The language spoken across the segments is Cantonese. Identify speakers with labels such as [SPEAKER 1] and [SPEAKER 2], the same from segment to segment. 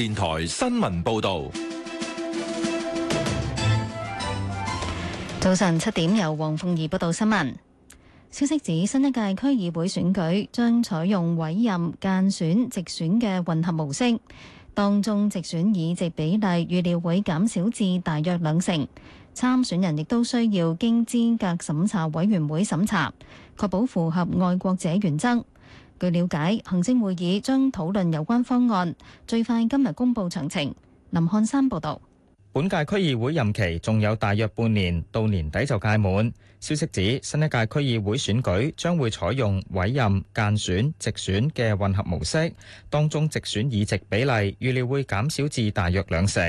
[SPEAKER 1] 電台新聞報道，
[SPEAKER 2] 早晨七點，由黃鳳儀報道新聞。消息指，新一屆區議會選舉將採用委任、間選、直選嘅混合模式，當中直選議席比例預料會減少至大約兩成，參選人亦都需要經資格審查委員會審查，確保符合愛國者原則。據了解，行政會議將討論有關方案，最快今日公布詳情。林漢山報道。
[SPEAKER 1] 本屆區議會任期仲有大約半年，到年底就屆滿。消息指，新一屆區議會選舉將會採用委任、間選、直選嘅混合模式，當中直選議席比例預料會減少至大約兩成，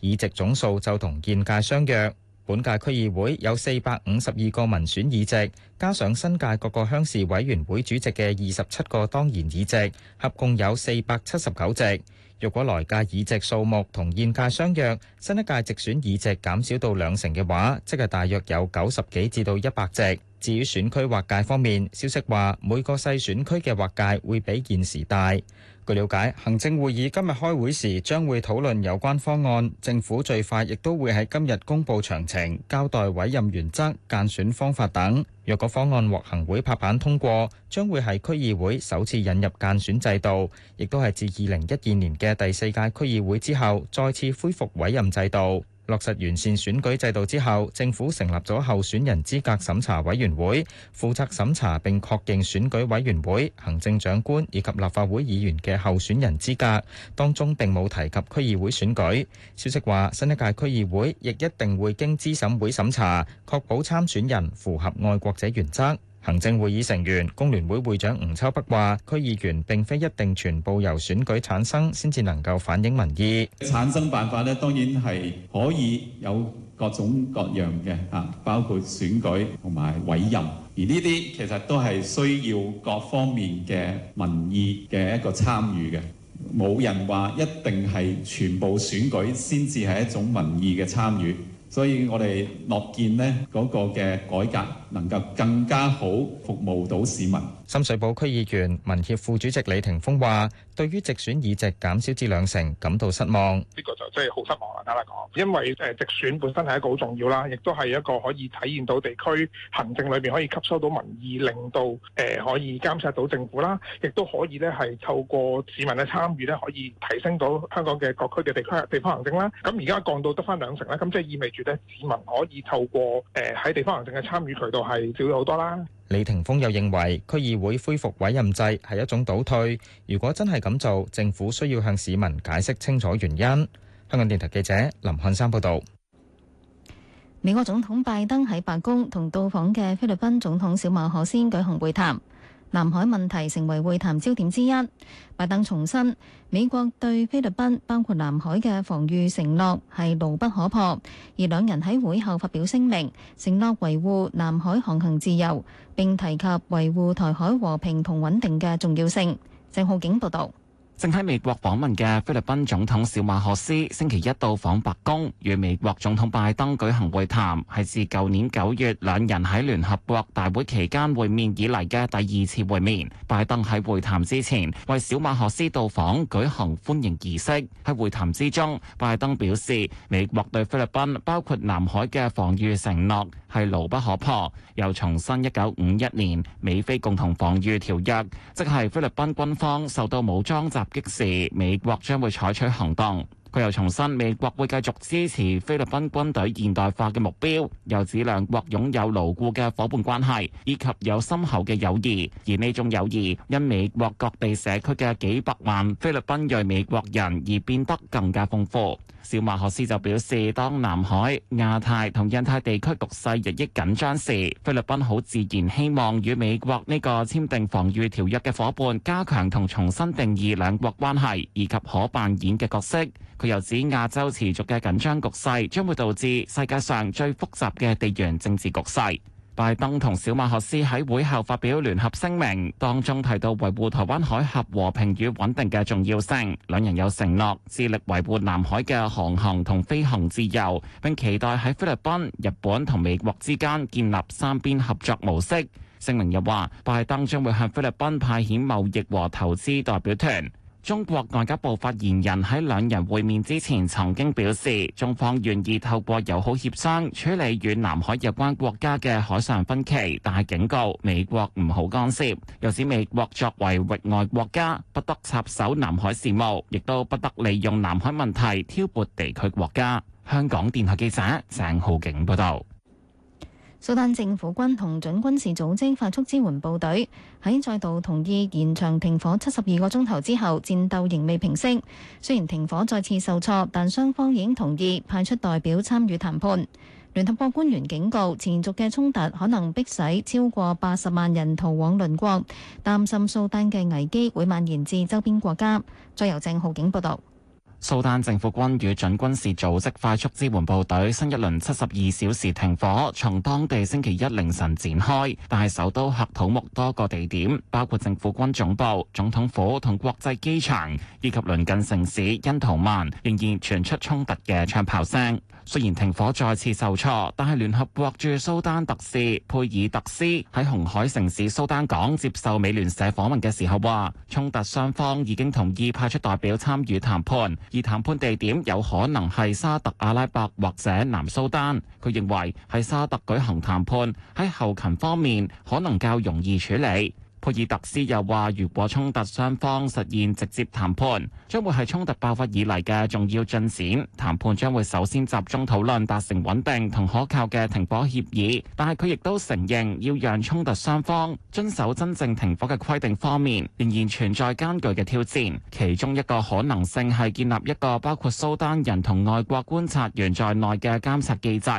[SPEAKER 1] 議席總數就同現屆相約。本屆區議會有四百五十二個民選議席，加上新界各個鄉事委員會主席嘅二十七個當然議席，合共有四百七十九席。若果來屆議席數目同現屆相若，新一屆直選議席減少到兩成嘅話，即係大約有九十幾至到一百席。至於選區劃界方面，消息話每個細選區嘅劃界會比現時大。據了解，行政會議今日開會時將會討論有關方案，政府最快亦都會喺今日公布詳情，交代委任原則、間選方法等。若果方案獲行會拍板通過，將會係區議會首次引入間選制度，亦都係自二零一二年嘅第四屆區議會之後，再次恢復委任制度。落實完善選舉制度之後，政府成立咗候選人資格審查委員會，負責審查並確認選舉委員會、行政長官以及立法會議員嘅候選人資格。當中並冇提及區議會選舉。消息話，新一屆區議會亦一定會經資審會審查，確保參選人符合愛國者原則。行政會議成員工聯會會長吳秋北話，區議員並非一定全部由選舉產生，先至能夠反映民意。產生辦法咧，當然係可以有各種各樣嘅啊，包括選舉同埋委任，而呢啲其實都係需要各方面嘅民意嘅一個參與嘅。冇人話一定係全部選舉先至係一種民意嘅參與。所以我哋樂見呢嗰、那個嘅改革，能夠更加好服務到市民。深水埗區議員民協副主席李霆鋒話，對於直選議席減少至兩成，感到失望。呢個就真係好失望啦，簡單講，因為誒直選本身係一個好重要啦，亦都係一個可以體驗到地區行政裏邊可以吸收到民意，令到誒、呃、可以監察到政府啦，亦都可以咧係透過市民嘅參與咧，可以提升到香港嘅各區嘅地區地方行政啦。咁而家降到得返兩成啦，咁即係意味住咧，市民可以透過誒喺、呃、地方行政嘅參與渠道係少咗好多啦。李霆鋒又認為區議會恢復委任制係一種倒退，如果真係咁做，政府需要向市民解釋清楚原因。香港電台記者林漢山報道。
[SPEAKER 2] 美國總統拜登喺白宮同到訪嘅菲律賓總統小馬可先舉行會談。南海問題成為會談焦點之一。拜登重申美國對菲律賓包括南海嘅防禦承諾係牢不可破，而兩人喺會後發表聲明，承諾維護南海航行自由，並提及維護台海和平同穩定嘅重要性。鄭浩景報道。
[SPEAKER 3] 正喺美國訪問嘅菲律賓總統小馬可斯，星期一到訪白宮與美國總統拜登舉行會談，係自舊年九月兩人喺聯合國大會期間會面以嚟嘅第二次會面。拜登喺會談之前為小馬可斯到訪舉行歡迎儀式。喺會談之中，拜登表示美國對菲律賓包括南海嘅防禦承諾係牢不可破，又重申一九五一年美菲共同防禦條約，即係菲律賓軍方受到武裝襲。即時，美國將會採取行動。佢又重申，美國會繼續支持菲律賓軍隊現代化嘅目標，又指兩國擁有牢固嘅伙伴關係，以及有深厚嘅友誼。而呢種友誼，因美國各地社區嘅幾百萬菲律賓裔美國人而變得更加豐富。小馬可斯就表示，當南海、亞太同印太地區局勢日益緊張時，菲律賓好自然希望與美國呢個簽訂防禦條約嘅伙伴加強同重新定義兩國關係，以及可扮演嘅角色。佢又指亞洲持續嘅緊張局勢將會導致世界上最複雜嘅地緣政治局勢。拜登同小馬可斯喺會後發表聯合聲明，當中提到維護台灣海峽和平與穩定嘅重要性。兩人有承諾，致力維護南海嘅航行同飛行自由，並期待喺菲律賓、日本同美國之間建立三邊合作模式。聲明又話，拜登將會向菲律賓派遣貿易和投資代表團。中國外交部發言人喺兩人會面之前曾經表示，中方願意透過友好協商處理與南海有關國家嘅海上分歧，但係警告美國唔好干涉，又指美國作為域外國家，不得插手南海事務，亦都不得利用南海問題挑撥地區國家。香港電台記者鄭浩景報道。
[SPEAKER 2] 蘇丹政府軍同準軍事組織快速支援部隊喺再度同意延長停火七十二個鐘頭之後，戰鬥仍未平息。雖然停火再次受挫，但雙方已經同意派出代表參與談判。聯合國官員警告，持續嘅衝突可能迫使超過八十萬人逃往鄰國，擔心蘇丹嘅危機會蔓延至周邊國家。再由鄭浩景報道。
[SPEAKER 3] 蘇丹政府軍與準軍事組織快速支援部隊新一輪七十二小時停火從當地星期一凌晨展開，但係首都喀土穆多個地點，包括政府軍總部、總統府同國際機場，以及鄰近城市恩圖曼，仍然傳出衝突嘅槍炮聲。雖然停火再次受挫，但係聯合國駐蘇丹特使佩爾特斯喺紅海城市蘇丹港接受美聯社訪問嘅時候話，衝突雙方已經同意派出代表參與談判，而談判地點有可能係沙特阿拉伯或者南蘇丹。佢認為喺沙特舉行談判喺後勤方面可能較容易處理。佩爾特斯又話，如果衝突雙方實現直接談判，將會係衝突爆發以嚟嘅重要進展。談判將會首先集中討論達成穩定同可靠嘅停火協議。但係佢亦都承認，要讓衝突雙方遵守真正停火嘅規定方面，仍然存在艱巨嘅挑戰。其中一個可能性係建立一個包括蘇丹人同外國觀察員在內嘅監察機制。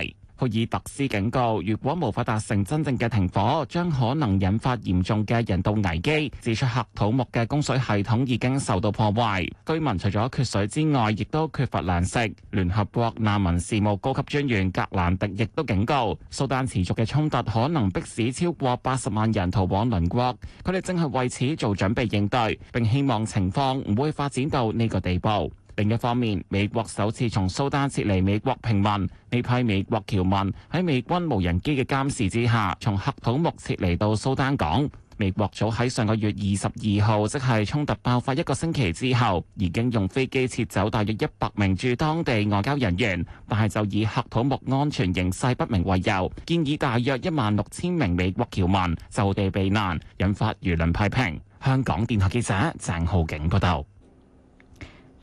[SPEAKER 3] 佩爾特斯警告，如果無法達成真正嘅停火，將可能引發嚴重嘅人道危機。指出喀土穆嘅供水系統已經受到破壞，居民除咗缺水之外，亦都缺乏糧食。聯合國難民事務高級專員格蘭迪亦都警告，蘇丹持續嘅衝突可能迫使超過八十萬人逃往鄰國，佢哋正係為此做準備應對，並希望情況唔會發展到呢個地步。另一方面，美國首次從蘇丹撤離美國平民，呢批美國僑民喺美軍無人機嘅監視之下，從喀土穆撤離到蘇丹港。美國早喺上個月二十二號，即係衝突爆發一個星期之後，已經用飛機撤走大約一百名駐當地外交人員，但係就以喀土穆安全形勢不明為由，建議大約一萬六千名美國僑民就地避難，引發輿論批評。香港電台記者鄭浩景報道。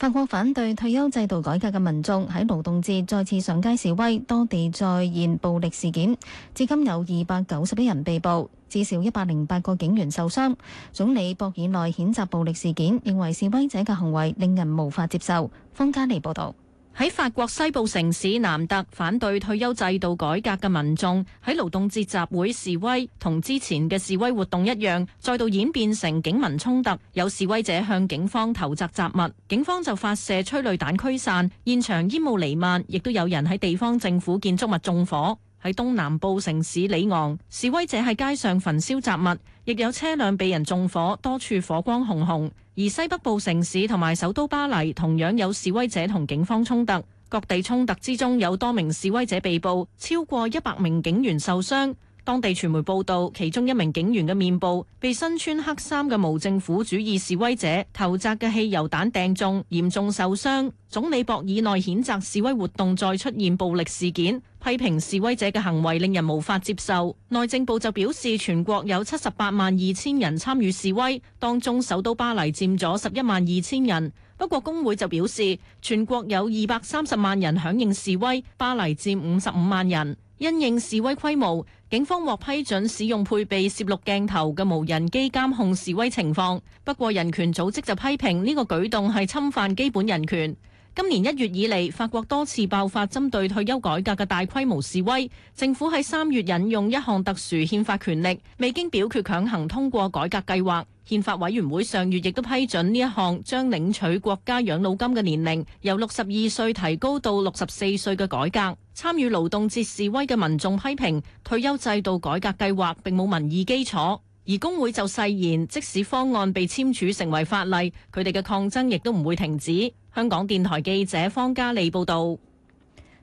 [SPEAKER 2] 法國反對退休制度改革嘅民眾喺勞動節再次上街示威，多地再現暴力事件，至今有二百九十一人被捕，至少一百零八個警員受傷，總理博爾內譴責暴力事件，認為示威者嘅行為令人無法接受。方嘉莉報道。
[SPEAKER 4] 喺法國西部城市南特，反對退休制度改革嘅民眾喺勞動節集會示威，同之前嘅示威活動一樣，再度演變成警民衝突，有示威者向警方投擲雜物，警方就發射催淚彈驅散，現場煙霧彌漫，亦都有人喺地方政府建築物縱火。喺東南部城市里昂，示威者喺街上焚燒雜物，亦有車輛被人縱火，多處火光熊熊。而西北部城市同埋首都巴黎，同樣有示威者同警方衝突。各地衝突之中，有多名示威者被捕，超過一百名警員受傷。當地傳媒報道，其中一名警員嘅面部被身穿黑衫嘅無政府主義示威者投擲嘅汽油彈掟中，嚴重受傷。總理博爾內譴責示威活動再出現暴力事件，批評示威者嘅行為令人無法接受。內政部就表示，全國有七十八萬二千人參與示威，當中首都巴黎佔咗十一萬二千人。不過工會就表示，全國有二百三十萬人響應示威，巴黎佔五十五萬人。因應示威規模，警方獲批准使用配備攝錄鏡頭嘅無人機監控示威情況。不過，人權組織就批評呢個舉動係侵犯基本人權。今年一月以嚟，法國多次爆發針對退休改革嘅大規模示威，政府喺三月引用一項特殊憲法權力，未經表決強行通過改革計劃。憲法委員會上月亦都批准呢一項將領取國家養老金嘅年齡由六十二歲提高到六十四歲嘅改革。參與勞動節示威嘅民眾批評退休制度改革計劃並冇民意基礎，而工會就誓言即使方案被簽署成為法例，佢哋嘅抗爭亦都唔會停止。香港電台記者方嘉莉報導。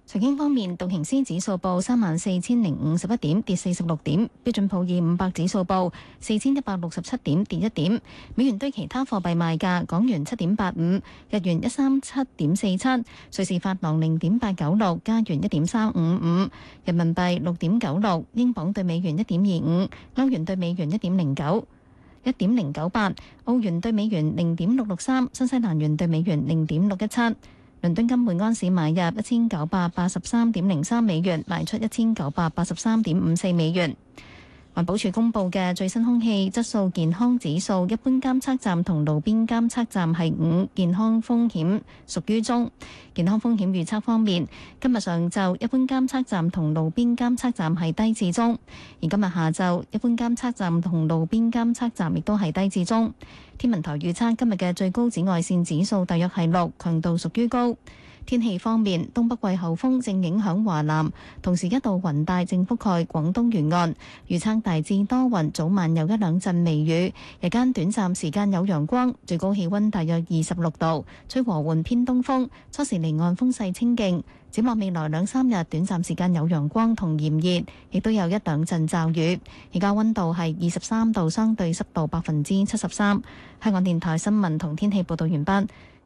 [SPEAKER 2] 財經方面，道瓊斯指數報三萬四千零五十一點，跌四十六點；標準普爾五百指數報四千一百六十七點，跌一點。美元對其他貨幣賣價，港元七點八五，日元一三七點四七，瑞士法郎零點八九六，加元一點三五五，人民幣六點九六，英鎊對美元一點二五，歐元對美元一點零九，一點零九八，澳元對美元零點六六三，新西蘭元對美元零點六一七。倫敦金每安士買入一千九百八十三點零三美元，賣出一千九百八十三點五四美元。環保署公布嘅最新空氣質素健康指數，一般監測站同路邊監測站係五，健康風險屬於中。健康風險預測方面，今日上晝一般監測站同路邊監測站係低至中，而今日下晝一般監測站同路邊監測站亦都係低至中。天文台預測今日嘅最高紫外線指數大約係六，強度屬於高。天氣方面，東北季候風正影響華南，同時一道雲帶正覆蓋廣東沿岸。預測大致多雲，早晚有一兩陣微雨，日間短暫時間有陽光，最高氣溫大約二十六度，吹和緩偏東風，初時離岸風勢清勁。展望未來兩三日，短暫時間有陽光同炎熱，亦都有一兩陣驟雨。而家溫度係二十三度，相對濕度百分之七十三。香港電台新聞同天氣報道完畢。